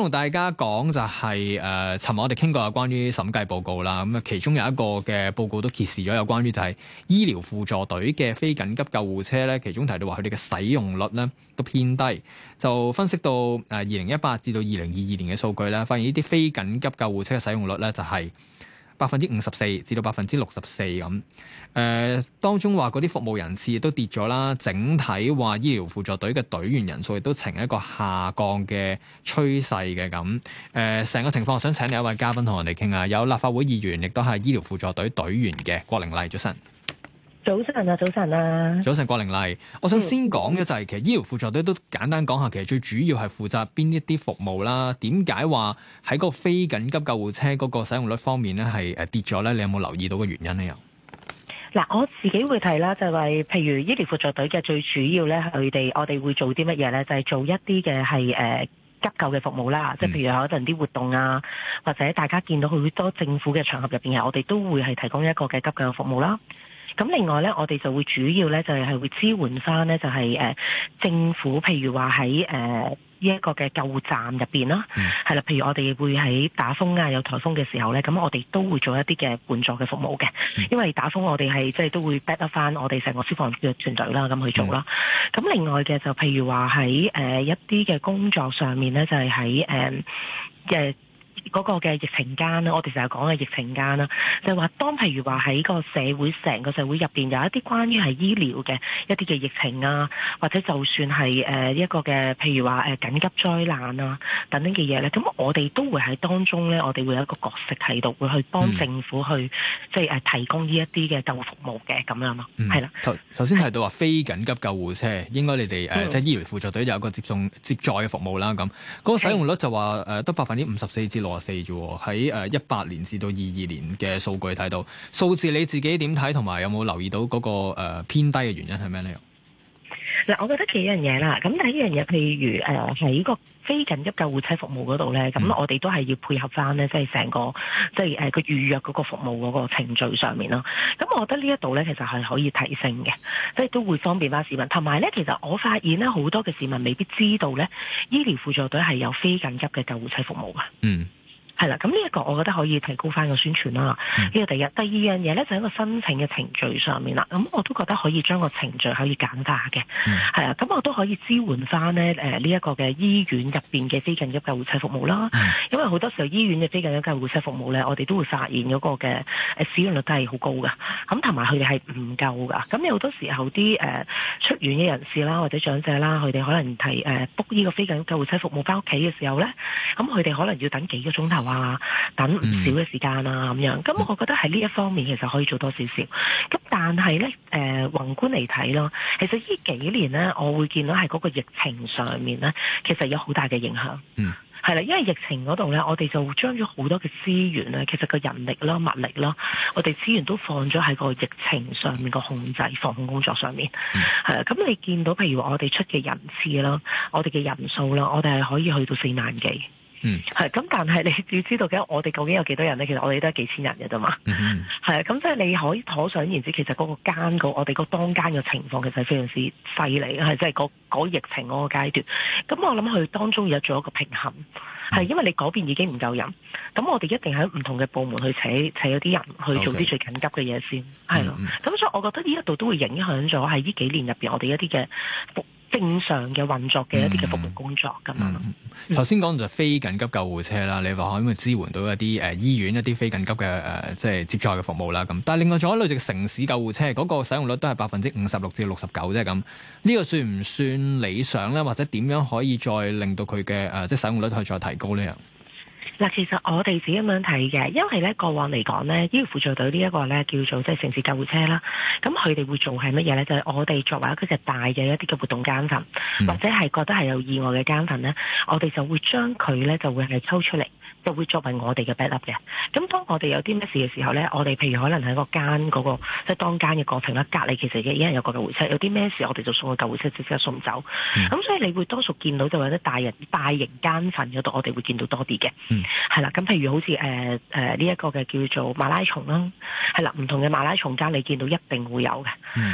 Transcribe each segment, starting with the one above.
同大家講就係、是、誒、尋、呃、日我哋傾過有關於審計報告啦，咁啊其中有一個嘅報告都揭示咗有關於就係醫療輔助隊嘅非緊急救護車咧，其中提到話佢哋嘅使用率咧都偏低，就分析到誒二零一八至到二零二二年嘅數據啦，發現呢啲非緊急救護車嘅使用率咧就係、是。百分之五十四至到百分之六十四咁，誒、呃、當中話嗰啲服務人士亦都跌咗啦，整體話醫療輔助隊嘅隊員人數亦都呈一個下降嘅趨勢嘅咁，誒、呃、成個情況我想請另一位嘉賓同我哋傾下，有立法會議員亦都係醫療輔助隊隊員嘅郭玲麗，早晨。早晨啊，早晨啊！早晨，郭玲麗、嗯，我想先講嘅就係，其實醫療輔助隊都簡單講下，其實最主要係負責邊一啲服務啦。點解話喺個非緊急救護車嗰個使用率方面咧係誒跌咗咧？你有冇留意到嘅原因咧？又、嗯、嗱，我自己會提啦，就係譬如醫療輔助隊嘅最主要咧，佢哋我哋會做啲乜嘢咧？就係、是、做一啲嘅係誒急救嘅服務啦，即係譬如有一陣啲活動啊，或者大家見到好多政府嘅場合入邊，我哋都會係提供一個嘅急救嘅服務啦。咁另外咧，我哋就會主要咧就係係會支援翻咧，就係係誒呃政府，譬如話喺誒呢一個嘅救護站入面啦，係啦，譬如我哋會喺打風啊，有颱風嘅時候咧，咁我哋都會做一啲嘅援助嘅服務嘅，mm. 因為打風我哋係即係都會 back up 翻我哋成個消防嘅團隊啦，咁去做啦。咁、mm. 另外嘅就譬如話喺誒一啲嘅工作上面咧，就係喺誒嘅。呃呃嗰、那個嘅疫情間我哋成日講嘅疫情間啦，就係、是、話當譬如話喺個社會成個社會入面有一啲關於係醫療嘅一啲嘅疫情啊，或者就算係呢一個嘅譬如話誒緊急災難啊等等嘅嘢咧，咁我哋都會喺當中咧，我哋會有一個角色喺度，會去幫政府去、嗯、即係提供呢一啲嘅救護服務嘅咁樣咯，係、嗯、啦。頭先提到話非緊急救護車，嗯、應該你哋、嗯、即係醫療輔助隊有一個接送接載嘅服務啦，咁、那、嗰個使用率就話得百分之五十四至六四啫，喺誒一八年至到二二年嘅數據睇到數字，你自己點睇？同埋有冇留意到嗰個誒偏低嘅原因係咩呢？嗱，我覺得幾樣嘢啦。咁但係呢樣嘢，譬如誒喺、呃即係、個非緊急救護車服務嗰度咧，咁我哋都係要配合翻咧，即係成個即係誒個預約嗰個服務嗰個程序上面咯。咁我覺得呢一度咧，其實係可以提升嘅，即係都會方便翻市民。同埋咧，其實我發現咧，好多嘅市民未必知道咧，醫療輔助隊係有非緊急嘅救護車服務噶。嗯。係啦，咁呢一個我覺得可以提高翻個宣傳啦。呢、嗯、個第一，第二樣嘢咧就係、一個申請嘅程序上面啦。咁我都覺得可以將個程序可以簡化嘅。係、嗯、啊，咁我都可以支援翻呢一個嘅醫院入面嘅非緊急救護車服務啦。嗯、因為好多時候醫院嘅非緊急救護車服務咧，我哋都會發現嗰個嘅使用率都係好高㗎。咁同埋佢哋係唔夠㗎。咁有好多時候啲出院嘅人士啦，或者長者啦，佢哋可能提誒 book 呢個非緊急救護車服務翻屋企嘅時候咧，咁佢哋可能要等幾個鐘頭。哇！等唔少嘅時間啦。咁樣咁，我覺得喺呢一方面其實可以做多少少。咁但係呢，誒、呃、宏觀嚟睇咯，其實呢幾年呢，我會見到係嗰個疫情上面呢，其實有好大嘅影響。嗯，係啦，因為疫情嗰度呢，我哋就將咗好多嘅資源咧，其實個人力啦、物力啦，我哋資源都放咗喺個疫情上面個控制防控工作上面。嗯，係咁你見到譬如我哋出嘅人次啦、我哋嘅人數啦，我哋係可以去到四萬幾。係、嗯，咁但係你要知道嘅，我哋究竟有幾多人咧？其實我哋都係幾千人嘅啫嘛。嗯嗯，咁即係你可以可想而知，其實嗰個間個我哋個當間嘅情況，其實非常之犀利，係即係嗰疫情嗰個階段。咁我諗佢當中有做一個平衡，係、嗯、因為你嗰邊已經唔夠人，咁我哋一定喺唔同嘅部門去請請啲人去做啲最緊急嘅嘢先，係、okay, 咯。咁、嗯、所以我覺得呢一度都會影響咗，喺呢幾年入邊我哋一啲嘅。正常嘅運作嘅一啲嘅服務工作咁啊！頭先講就非緊急救護車啦，你話可唔可以支援到一啲誒、呃、醫院一啲非緊急嘅誒即係接載嘅服務啦。咁但係另外仲有類似城市救護車嗰、嗰個使用率都係百分之五十六至六十九啫。咁呢個算唔算理想咧？或者點樣可以再令到佢嘅誒即係使用率可以再提高咧？嗱，其實我哋自己咁樣睇嘅，因為咧過往嚟講咧，呢個醫療輔助隊呢一個咧叫做即係城市救護車啦，咁佢哋會做係乜嘢咧？就係、是、我哋作為一隻大嘅一啲嘅活動間份，或者係覺得係有意外嘅間份咧，我哋就會將佢咧就會係抽出嚟，就會作為我哋嘅 backup 嘅，咁當我哋有啲咩事嘅時候呢，我哋譬如可能喺、個間嗰個即係當間嘅過程啦，隔離其實嘅已經有個救護車，有啲咩事我哋就送去救護車，直接送走。咁、嗯、所以你會多數見到就或者大人大型奸訓嗰度，我哋會見到多啲嘅。係、嗯、啦，咁譬如好似誒呢一個嘅叫做馬拉松啦，係啦，唔同嘅馬拉松間你見到一定會有嘅，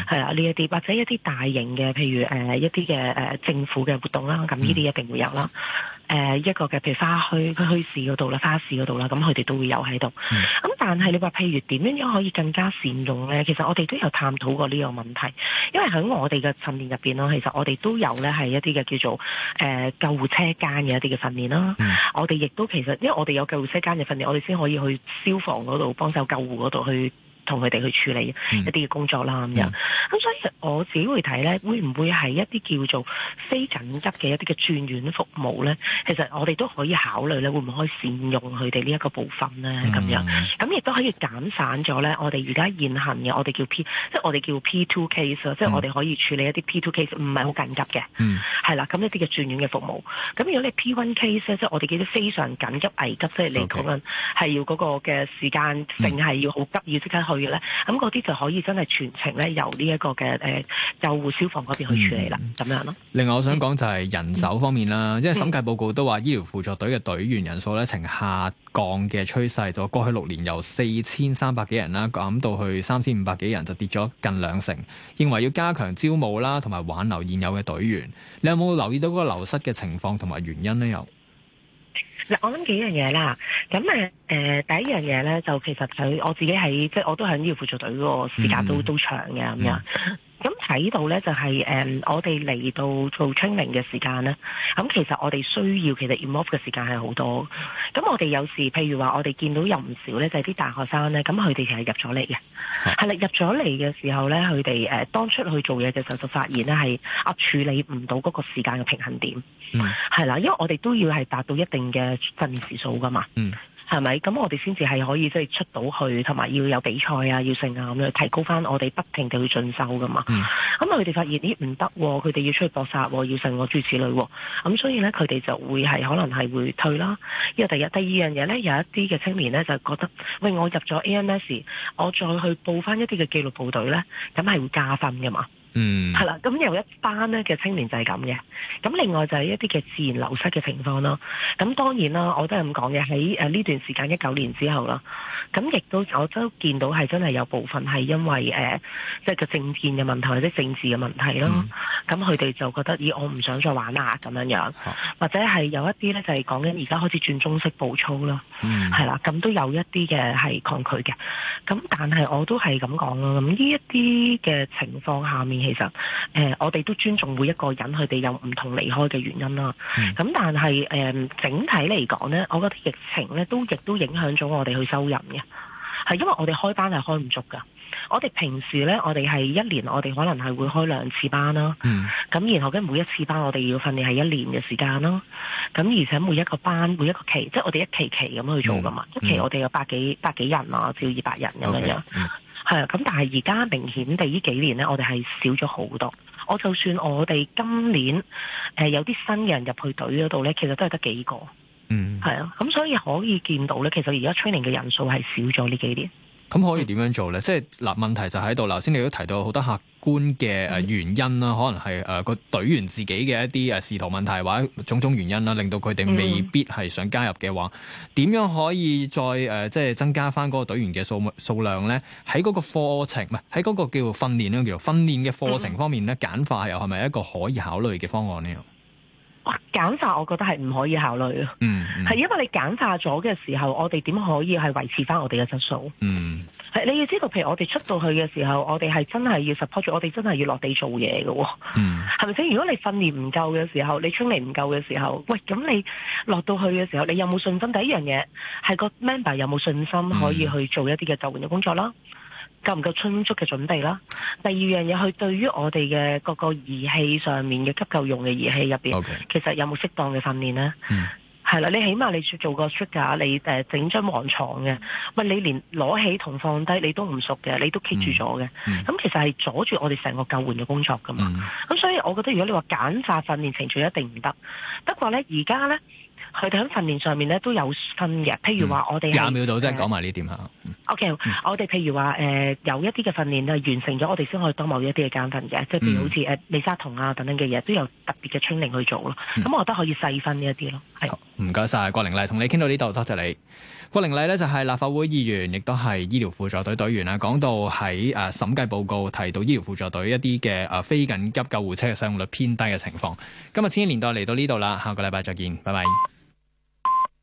係啦呢一啲或者一啲大型嘅，譬如誒、呃、一啲嘅政府嘅活動啦，咁呢啲一定會有啦。嗯誒一個嘅，譬如花墟、佢墟市嗰度啦，花市嗰度啦，咁佢哋都會有喺度。咁、嗯、但係你話譬如點樣為可以更加善用咧？其實我哋都有探討過呢個問題，因為喺我哋嘅訓練入邊咯，其實我哋都有咧係一啲嘅叫做誒救護車間嘅一啲嘅訓練啦。嗯、我哋亦都其實因為我哋有救護車間嘅訓練，我哋先可以去消防嗰度幫手救護嗰度去。同佢哋去處理一啲嘅工作啦咁樣，咁、嗯、所以我自己會睇咧，會唔會係一啲叫做非緊急嘅一啲嘅轉院服務咧？其實我哋都可以考慮咧，會唔會可以善用佢哋呢一個部分咧咁、嗯、樣？咁亦都可以減散咗咧，我哋而家現行嘅我哋叫 P，叫 case、嗯、即係我哋叫 P two case，即係我哋可以處理一啲 P two case 唔係好緊急嘅，係、嗯、啦，咁一啲嘅轉院嘅服務。咁如果你 P one case，即係我哋記得非常緊急危急，即係你講緊係要嗰個嘅時間性係要好急要即刻個月咧，咁嗰啲就可以真係全程咧由呢一個嘅誒、呃、救護消防嗰邊去處理啦，咁、嗯、樣咯。另外，我想講就係人手方面啦，嗯、因為審計報告都話醫療輔助隊嘅隊員人數咧、嗯、呈下降嘅趨勢，就過去六年由四千三百幾人啦減到去三千五百幾人，就跌咗近兩成。認為要加強招募啦，同埋挽留現有嘅隊員。你有冇留意到嗰個流失嘅情況同埋原因呢？又？嗱，我諗幾樣嘢啦，咁誒，誒、呃，第一樣嘢咧，就其實佢我自己喺即係我都喺醫療輔助隊嗰個時間都、mm -hmm. 都長嘅咁樣。Mm -hmm. 睇到咧就係誒，我哋嚟到做清明嘅時間咧，咁其實我哋需要其實 in o 嘅時間係好多，咁我哋有時譬如話，我哋見到有唔少咧就係啲大學生咧，咁佢哋其實入咗嚟嘅，係啦，入咗嚟嘅時候咧，佢哋誒當出去做嘢嘅時候就發現咧係壓處理唔到嗰個時間嘅平衡點，係、嗯、啦，因為我哋都要係達到一定嘅訓練時數噶嘛。嗯係咪？咁我哋先至係可以即係出到去，同埋要有比賽啊，要勝啊咁樣提高翻我哋不停地去進修噶嘛。咁、嗯、啊，佢哋發現咦唔得喎，佢哋要出去搏殺喎，要勝我諸如此類喎。咁、嗯、所以咧，佢哋就會係可能係會退啦。因為第第二樣嘢咧，有一啲嘅青年咧就覺得，喂，我入咗 AMS，我再去報翻一啲嘅紀律部隊咧，咁係會加分㗎嘛。嗯、mm -hmm.，係啦，咁有一班咧嘅青年就係咁嘅，咁另外就係一啲嘅自然流失嘅情況咯。咁當然啦，我都係咁講嘅，喺誒呢段時間一九年之後啦，咁亦都我都見到係真係有部分係因為誒即係個政見嘅問題或者政治嘅問題咯。咁佢哋就覺得咦我唔想再玩啦咁樣樣，或者係有一啲咧就係講緊而家開始轉中式步操啦，係、mm、啦 -hmm.，咁都有一啲嘅係抗拒嘅。咁但係我都係咁講啦，咁呢一啲嘅情況下面。其實，誒、呃，我哋都尊重每一個人，佢哋有唔同離開嘅原因啦。咁、嗯、但係，誒、呃，整體嚟講呢，我覺得疫情呢都亦都影響咗我哋去收人嘅，係因為我哋開班係開唔足噶。我哋平時呢，我哋係一年我哋可能係會開兩次班啦。咁、嗯、然後咧，每一次班我哋要訓練係一年嘅時間啦。咁而且每一個班每一個期，即係我哋一期期咁去做噶嘛、嗯。一期我哋有百幾、百幾人啊，至二百人咁樣樣。Okay, 嗯係啊，咁但係而家明顯地呢幾年呢，我哋係少咗好多。我就算我哋今年誒有啲新嘅人入去隊嗰度呢，其實都係得幾個。嗯，係啊，咁所以可以見到呢，其實而家 training 嘅人數係少咗呢幾年。咁可以點樣做咧、嗯？即係嗱，問題就喺度。頭先你都提到好多客觀嘅誒原因啦、嗯，可能係誒個隊員自己嘅一啲誒仕途問題或者種種原因啦，令到佢哋未必係想加入嘅話，點、嗯、樣可以再誒、呃、即係增加翻嗰個隊員嘅數數量咧？喺嗰個課程唔係喺嗰個叫訓練咧，叫做訓練嘅課程方面咧、嗯，簡化又係咪一個可以考慮嘅方案呢？哇！簡化，我覺得係唔可以考慮。嗯，係因為你簡化咗嘅時候，我哋點可以係維持翻我哋嘅質素？係、嗯、你要知道，譬如我哋出到去嘅時候，我哋係真係要 support 住，我哋真係要落地做嘢嘅喎。係咪先？如果你訓練唔夠嘅時候，你 training 唔夠嘅時候，喂，咁你落到去嘅時候，你有冇信心？第一樣嘢係個 member 有冇信心可以去做一啲嘅救援嘅工作啦？嗯夠唔夠充足嘅準備啦？第二樣嘢，佢對於我哋嘅各個儀器上面嘅急救用嘅儀器入邊，okay. 其實有冇適當嘅訓練呢？係、嗯、啦，你起碼你做個出架，你誒整張床嘅，喂，你連攞起同放低你都唔熟嘅，你都 keep、嗯、住咗嘅，咁、嗯、其實係阻住我哋成個救援嘅工作㗎嘛。咁、嗯、所以，我覺得如果你話簡化訓練程序一定唔得。不過呢，而家呢。佢哋喺訓練上面咧都有分嘅，譬如話我哋廿、嗯、秒度啫，講埋呢點嚇。嗯、o、OK、嗯、我哋譬如話誒、呃、有一啲嘅訓練係完成咗，我哋先可以當某一啲嘅間訓嘅，即係譬如好似誒美沙酮啊等等嘅嘢，都有特別嘅清零去做咯。咁、嗯、我覺得可以細分呢一啲咯。係，唔該晒，郭玲麗，同你傾到呢度，多謝你郭玲麗呢，就係立法會議員，亦都係醫療輔助隊隊員啦。講到喺誒審計報告提到醫療輔助隊一啲嘅誒非緊急救護車嘅使用率偏低嘅情況，今日千禧年代嚟到呢度啦，下個禮拜再見，拜拜。